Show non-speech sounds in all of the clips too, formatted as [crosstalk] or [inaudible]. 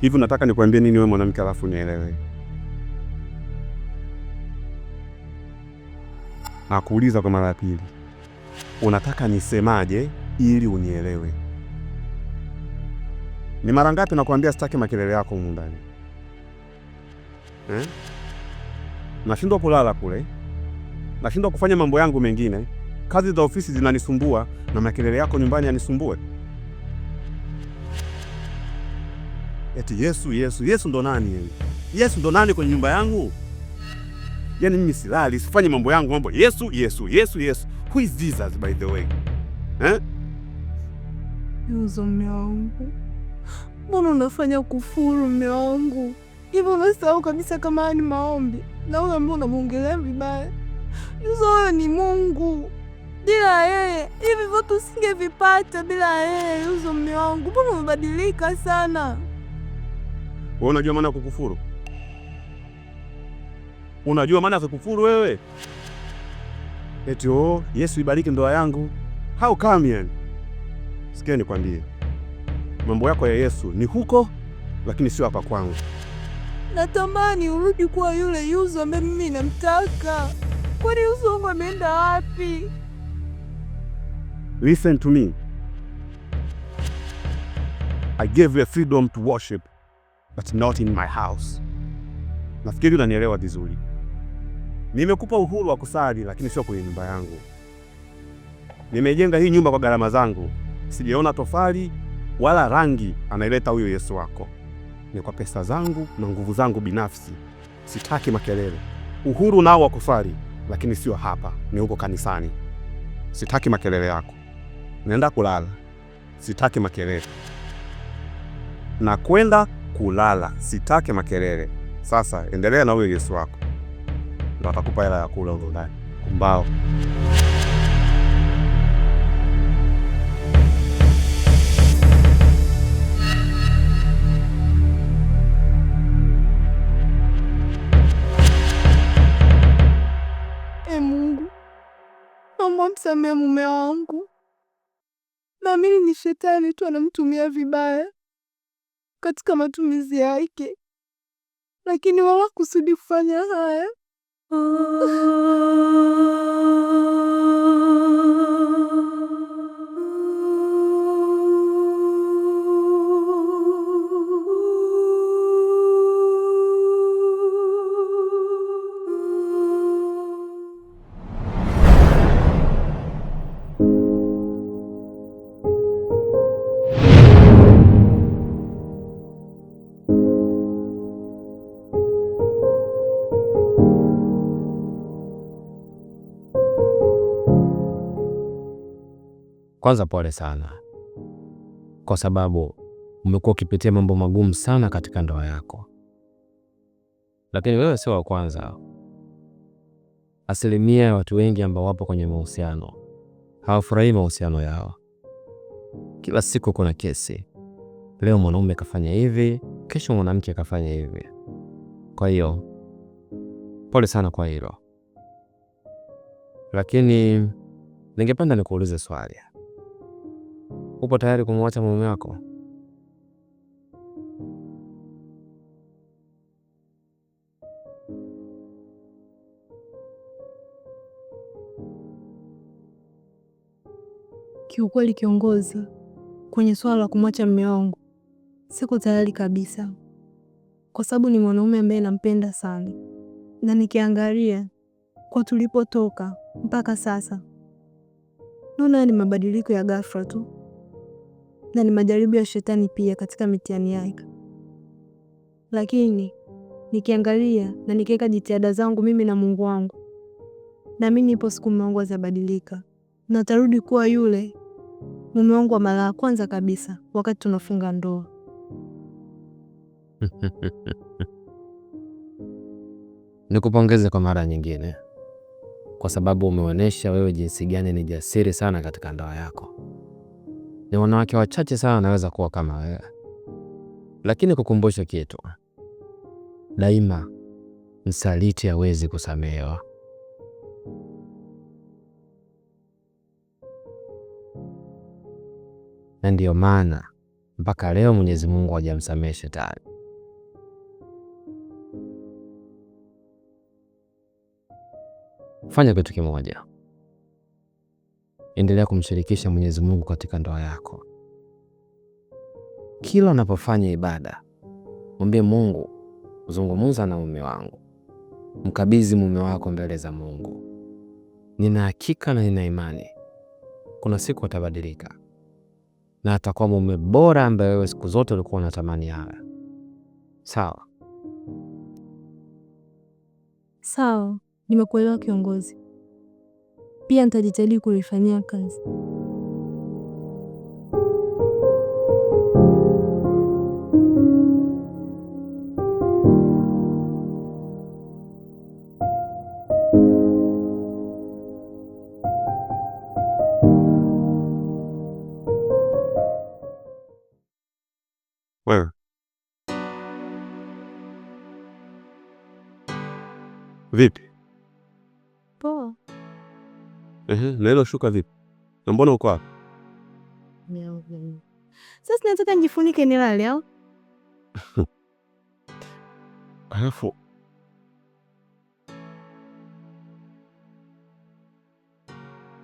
Hivi nataka nikuambie nini wewe mwanamke, alafu nielewe? Nakuuliza kwa mara ya pili, unataka nisemaje ili unielewe? Ni mara ngapi nakwambia sitaki makelele yako humu ndani eh? Nashindwa kulala kule, nashindwa kufanya mambo yangu mengine, kazi za ofisi zinanisumbua na makelele yako nyumbani yanisumbue. Eti Yesu, Yesu, Yesu ndo nani yeye? Yesu ndo nani kwenye nyumba yangu? Yaani mimi silali, sifanye mambo yangu, mambo Yesu, Yesu, Yesu, Yesu. Who is Jesus by the way? Eh? Yuzo mume wangu. Mbona unafanya kufuru mume wangu? Hivyo unasahau kabisa kama ni maombi. Na wewe mbona unamuongelea vibaya? Yuzo huyo ni Mungu. Bila yeye hivi vitu usingevipata bila yeye Yuzo mume wangu. Mbona umebadilika sana? Wewe unajua maana ya kukufuru? Unajua maana ya kukufuru wewe? Eti oh, Yesu ibariki ndoa yangu. How come yani? Sikia nikwambie, mambo yako ya Yesu ni huko, lakini sio hapa kwangu. Natamani urudi kuwa yule Yuzo ambaye mimi namtaka. Kwani Yuzo wangu ameenda wapi? Listen to me. I gave you freedom to worship but not in my house. Nafikiri unanielewa vizuri. Nimekupa uhuru wa kusali, lakini sio kwenye nyumba yangu. Nimejenga hii nyumba kwa gharama zangu, sijaona tofali wala rangi anaileta huyo Yesu wako. Ni kwa pesa zangu na nguvu zangu binafsi. Sitaki makelele. Uhuru nao wa kusali, lakini sio hapa, ni huko kanisani. Sitaki makelele yako. Naenda kulala, sitaki makelele. kwenda kulala, sitake makelele. Sasa endelea na huyo Yesu wako, na atakupa hela ya kula huko ndani kumbao. Ee Msamee mume wangu, naamini ni shetani tu anamtumia vibaya katika matumizi yake, lakini wala kusudi kufanya haya ah. Kwanza pole sana, kwa sababu umekuwa ukipitia mambo magumu sana katika ndoa yako, lakini wewe sio wa kwanza. Asilimia ya watu wengi ambao wapo kwenye mahusiano hawafurahii mahusiano yao. Kila siku kuna kesi, leo mwanaume kafanya hivi, kesho mwanamke kafanya hivi. Kwa hiyo pole sana kwa hilo, lakini ningependa nikuulize swali. Upo tayari kumwacha mume wako? Kiukweli kiongozi, kwenye swala la kumwacha mume wangu siko tayari kabisa, kwa sababu ni mwanaume ambaye nampenda sana, na nikiangalia kwa tulipotoka mpaka sasa naona ni mabadiliko ya ghafla tu na ni majaribu ya shetani pia katika mitihani yake. Lakini nikiangalia na nikiweka jitihada zangu mimi na Mungu wangu, na mimi nipo siku mume wangu atabadilika na atarudi kuwa yule mume wangu wa mara ya kwanza kabisa wakati tunafunga ndoa. [laughs] Nikupongeze kwa mara nyingine kwa sababu umeonyesha wewe jinsi gani ni jasiri sana katika ndoa yako ni wanawake wachache sana wanaweza kuwa kama wewe. Lakini kukumbusha kitu, daima msaliti hawezi kusamehewa. Na ndiyo maana mpaka leo Mwenyezi Mungu hajamsamehe shetani. Fanya kitu kimoja endelea kumshirikisha Mwenyezi Mungu katika ndoa yako. Kila unapofanya ibada, mwambie Mungu, zungumza na mume wangu, mkabidhi mume wako mbele za Mungu. Nina hakika na nina imani kuna siku atabadilika na atakuwa mume bora ambaye wewe siku zote ulikuwa unatamani awe. Sawa sawa, nimekuelewa kiongozi. Pia nitajitahidi kulifanyia kazi. Wewe vipi? Ehe, na hilo shuka vipi? Na mbona uko hapa? Sasa nataka nijifunike nilale au? [laughs] Alafu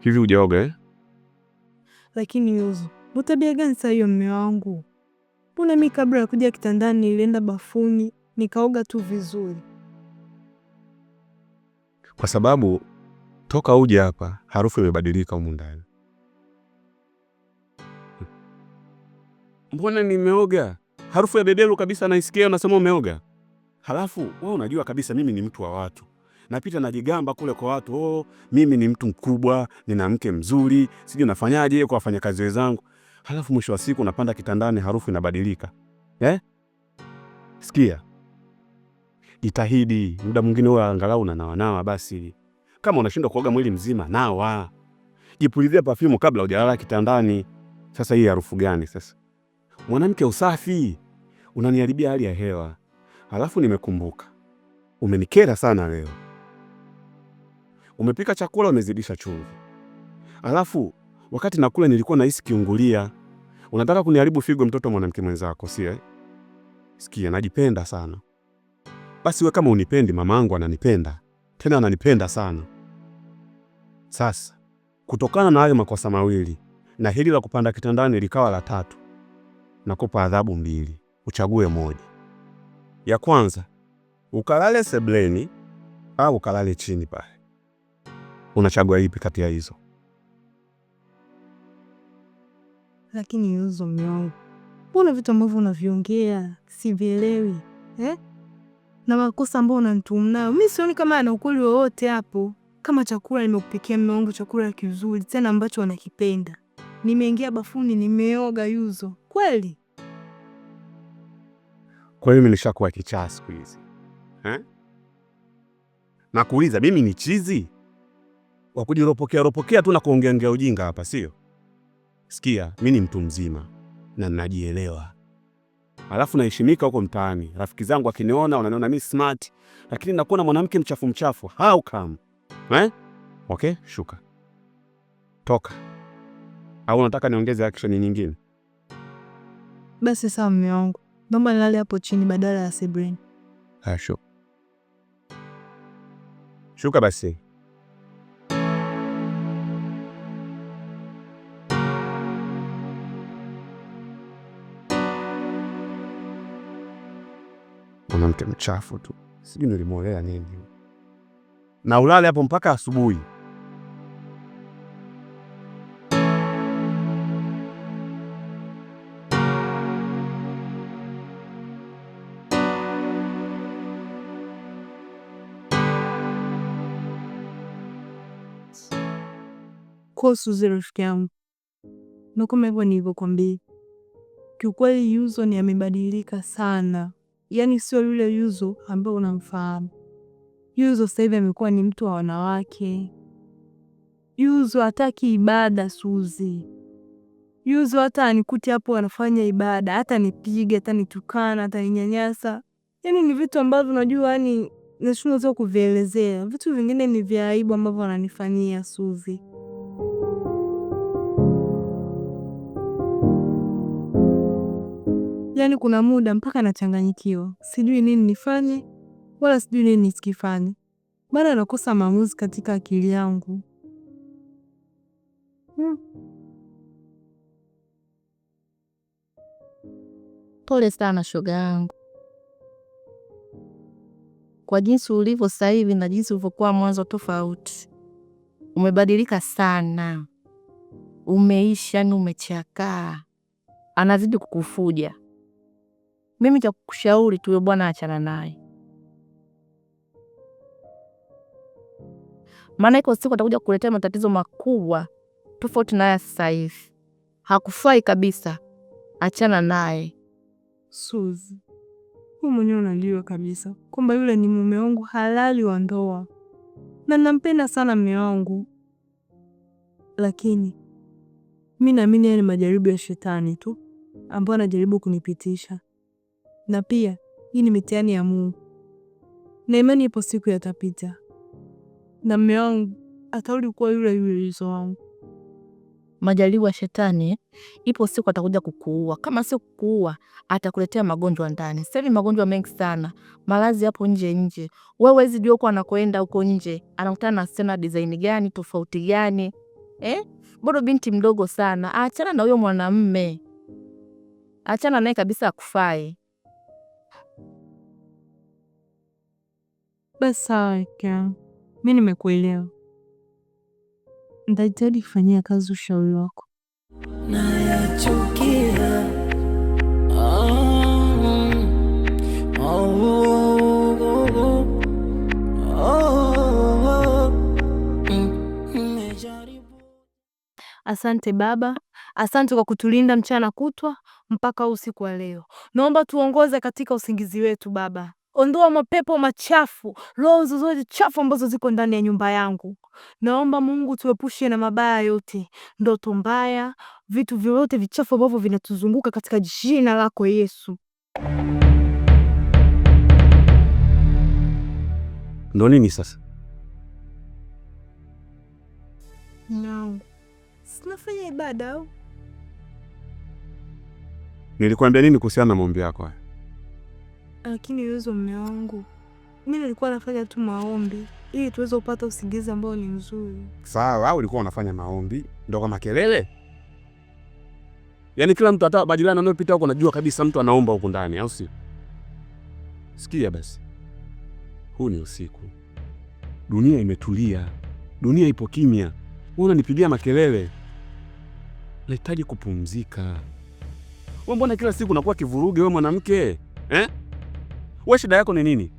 hivi ujaoga eh? Lakini Yuzu, utabia gani saa hiyo mme wangu? Mbona mi kabla ya kuja kitandani nilienda bafuni nikaoga tu vizuri, kwa sababu toka uje hapa harufu imebadilika humu ndani. Mbona nimeoga? Harufu ya beberu kabisa naisikia, unasema umeoga. Halafu wewe unajua kabisa mimi ni mtu wa watu, napita najigamba kule kwa watu, oh, mimi ni mtu mkubwa, nina mke mzuri, sijui nafanyaje kwa wafanyakazi wenzangu. Halafu mwisho wa siku napanda kitandani, harufu inabadilika eh? Sikia, jitahidi muda mwingine wewe angalau unanawanawa basi kama unashindwa kuoga mwili mzima, nawa jipulizia perfume kabla hujalala kitandani. Sasa hii harufu gani sasa? Mwanamke, usafi unaniharibia hali ya hewa. Halafu nimekumbuka umenikera sana leo. Umepika chakula umezidisha chumvi, halafu wakati nakula nilikuwa nahisi kiungulia. Unataka kuniharibu figo, mtoto mwanamke mwenzako, si eh? Sikia, najipenda sana. Basi we kama unipendi, mamangu ananipenda, tena ananipenda sana. Sasa kutokana na hayo makosa mawili na hili la kupanda kitandani likawa la tatu, nakupa adhabu mbili, uchague moja. Ya kwanza ukalale sebleni au ukalale chini pale. Unachagua ipi kati ya hizo? Lakini Yuzo, mnyongo, mbona vitu ambavyo unaviongea sivielewi eh? na makosa ambayo unanituhumu mimi sioni kama ana ukweli wowote hapo kama chakula, nimekupikia mume wangu chakula kizuri tena ambacho anakipenda. Nimeingia bafuni, nimeoga Yuzo kweli. Kwa hiyo mimi nishakuwa kichaa siku hizi eh? Nakuuliza, mimi ni chizi wa kujiropokea ropokea tu na kuongeaongea ujinga hapa, sio? Sikia, mi ni mtu mzima na ninajielewa, alafu naheshimika huko mtaani. Rafiki zangu akiniona wananiona mi smart, lakini nakuona mwanamke mchafu mchafu. How come? Eh? Okay, shuka. Toka. Au unataka niongeze action nyingine? Basi sawa, mume wangu, naomba nilale hapo chini badala ya Sebrini. Ah, shuka. Shuka basi. Mwanamke mchafu tu, sijui nilimwolea nini na ulale hapo mpaka asubuhi. Kosuze rafiki yangu, na kama hivyo nilivyokwambia, kiukweli Yuzo ni amebadilika sana, yaani sio yule Yuzo ambaye unamfahamu. Yuzo sasa hivi amekuwa ni mtu wa wanawake. Yuzo hataki ibada Suzi. yuzo hata anikuti hapo wanafanya ibada, hata nipige, hata nitukana, hata ninyanyasa. Yaani ni vitu ambavyo unajua yani nashindwa tu kuvielezea. Vitu vingine ni vya aibu ambavyo wananifanyia Suzi. Yaani kuna muda mpaka nachanganyikiwa, sijui nini nifanye wala sijui nini nisikifanye, bado nakosa maamuzi katika akili yangu hmm. Pole sana shoga yangu kwa jinsi ulivyo sasa hivi na jinsi ulivyokuwa mwanzo tofauti. Umebadilika sana, umeisha, ni yaani umechakaa, anazidi kukufuja. Mimi cha kukushauri tu, bwana, achana naye. maana iko siku atakuja kukuletea matatizo makubwa tofauti naye sasa hivi. Hakufai kabisa, achana naye. Suzi, huyu mwenyewe unajua kabisa kwamba yule ni mume wangu halali wa ndoa na nampenda sana mume wangu, lakini mi naamini yale ni majaribu ya shetani tu ambayo anajaribu kunipitisha, na pia hii ni mitihani ya Mungu na imani ipo siku yatapita na mume wangu atarudi kuwa yule yule ulizo wangu. Majaliwa shetani, ipo siku atakuja kukuua. Kama sio kukuua, atakuletea magonjwa ndani. Sasa hivi magonjwa mengi sana, malazi hapo nje nje, wewe huwezi jua huko anakoenda huko nje anakutana na sena design gani, tofauti gani eh? Bado binti mdogo sana, achana na huyo mwanamme, achana naye kabisa, akufai. Basi sawa mi nimekuelewa, nitajitahidi kufanyia kazi ushauri wako. Nayachukia Asante baba, asante kwa kutulinda mchana kutwa mpaka usiku wa leo. Naomba tuongoze katika usingizi wetu baba. Ondoa mapepo machafu, roho zozote chafu ambazo ziko ndani ya nyumba yangu. Naomba Mungu tuepushe na mabaya yote, ndoto mbaya, vitu vyote vichafu ambavyo vinatuzunguka katika jina lako Yesu. Ndo nini sasa? na Sinafanya ibada au? nilikuambia nini kuhusiana na maombi yako haya? lakini uwezo mume wangu, mi nilikuwa nafanya tu maombi ili tuweze kupata usingizi ambao ni mzuri. Sawa, ulikuwa unafanya maombi ndo kama kelele? Yaani kila mtu hata majirani anayopita huko najua kabisa mtu anaomba huko ndani, au sio? Sikia basi, huu ni usiku, dunia imetulia, dunia ipo kimya, wewe unanipigia makelele. Nahitaji kupumzika. Wewe mbona kila siku unakuwa kivuruge wewe mwanamke eh? Wewe shida yako ni nini?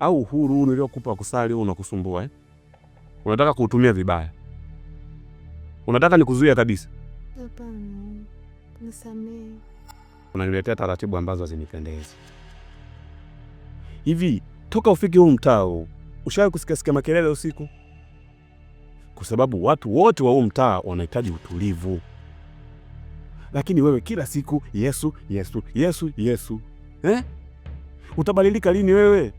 Au uhuru huu niliokupa kusali huu unakusumbua eh? Unataka kuutumia vibaya? Unataka nikuzuia kabisa? Hapana, Nisamee. Unaniletea taratibu ambazo hazinipendezi. Hivi toka ufike huu mtaa huu, ushawahi kusikasikia makelele usiku? Kwa sababu watu wote wa huu mtaa wanahitaji utulivu lakini wewe kila siku Yesu, Yesu, Yesu, Yesu eh? Utabadilika lini wewe?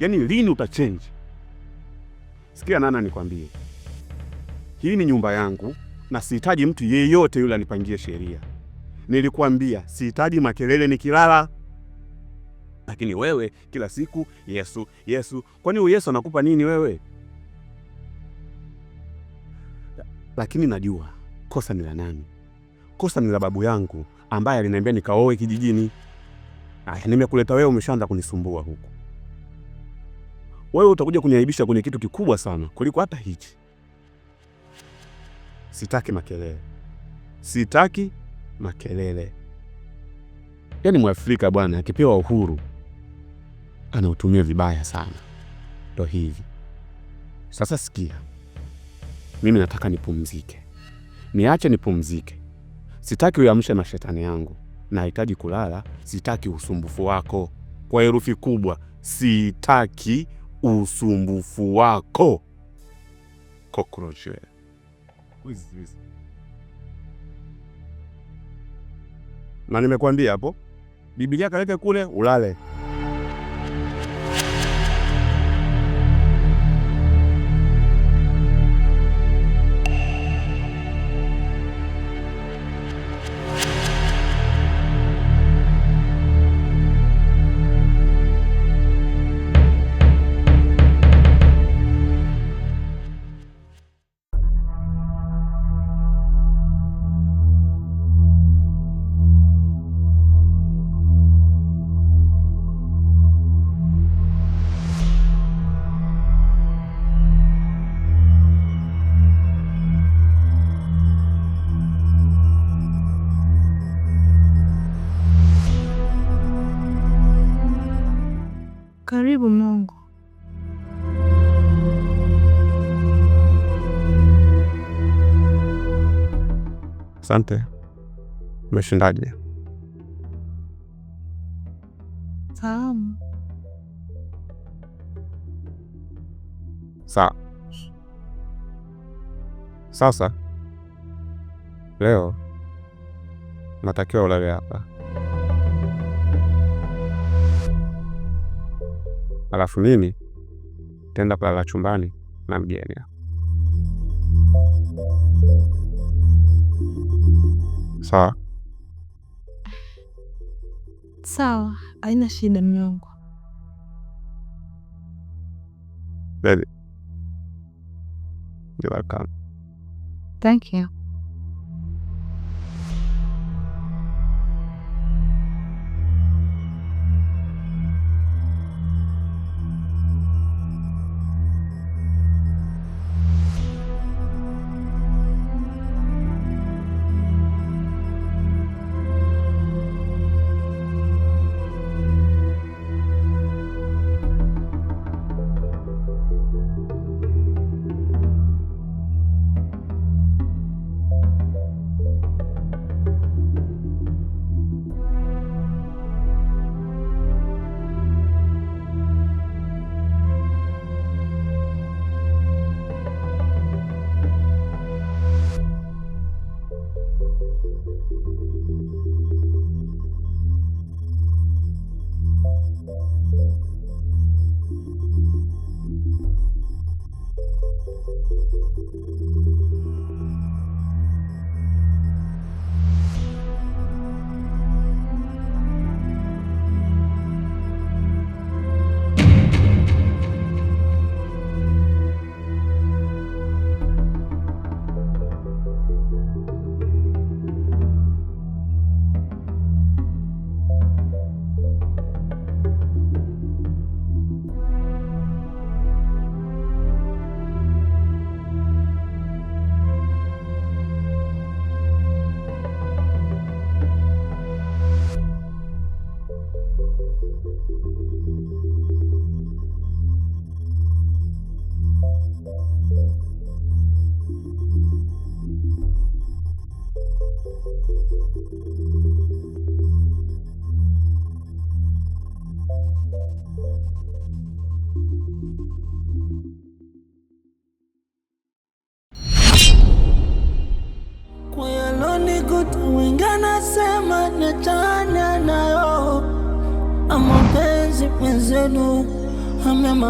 Yaani lini utachange? Sikia Nana, nikwambie, hii ni nyumba yangu na sihitaji mtu yeyote yule anipangie sheria. Nilikuambia sihitaji makelele nikilala, lakini wewe kila siku Yesu, Yesu. Kwani huyu Yesu anakupa nini wewe? Lakini najua Kosa ni la nani? Kosa ni la babu yangu ambaye aliniambia nikaoe kijijini. Aya, nimekuleta wewe, umeshaanza kunisumbua huku. Wewe utakuja kuniaibisha kwenye kitu kikubwa sana kuliko hata hichi. Sitaki makelele, sitaki makelele. Yaani Mwafrika bwana akipewa uhuru anautumia vibaya sana, ndo hivi sasa. Sikia, mimi nataka nipumzike niache nipumzike. Sitaki uyamshe na shetani yangu, nahitaji kulala. Sitaki usumbufu wako. Kwa herufi kubwa, sitaki usumbufu wako. Kokroche na nimekwambia hapo, Biblia kaleke kule ulale. Karibu Mungu. Asante. Umeshindaje? Salamu. Sa. Sasa leo natakiwa ulale hapa. alafu mimi tenda kulala chumbani na mgeni. Sawa sawa, haina shida mnyongo. Baby, you're welcome. Thank you.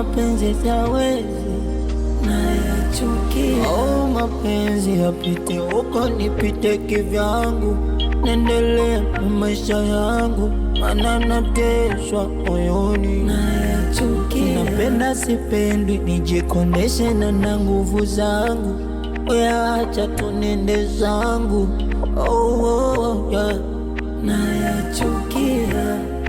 mapenzi siwezi nayachukia. Oh, mapenzi yapite huko nipite kivyangu, nendelee na maisha yangu, mana nateswa moyoni nayachukia. Napenda sipendwi, nijikondeshe na na nguvu zangu, uyaacha tunende zangu. Oh, oh, oh, yeah. nayachukia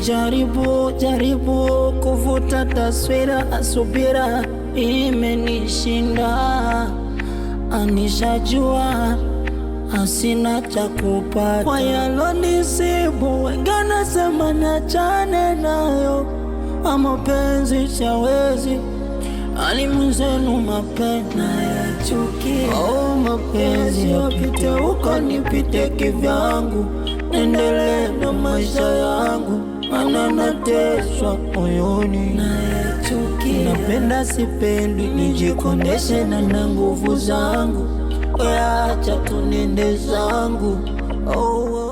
Jaribu jaribu kuvuta taswira, asubira imenishinda, anishajua asina cha kupata kwa nisibu, wengana sema na chane nayo, amapenzi chawezi alimuzenu mapena chukia oh, mapenzi yapite huko nipite kivyangu, nendelee na maisha yangu, mana nateswa moyoni Napenda sipendwi, nijikondeshe na na nguvu zangu, weacha tunende zangu oh, oh.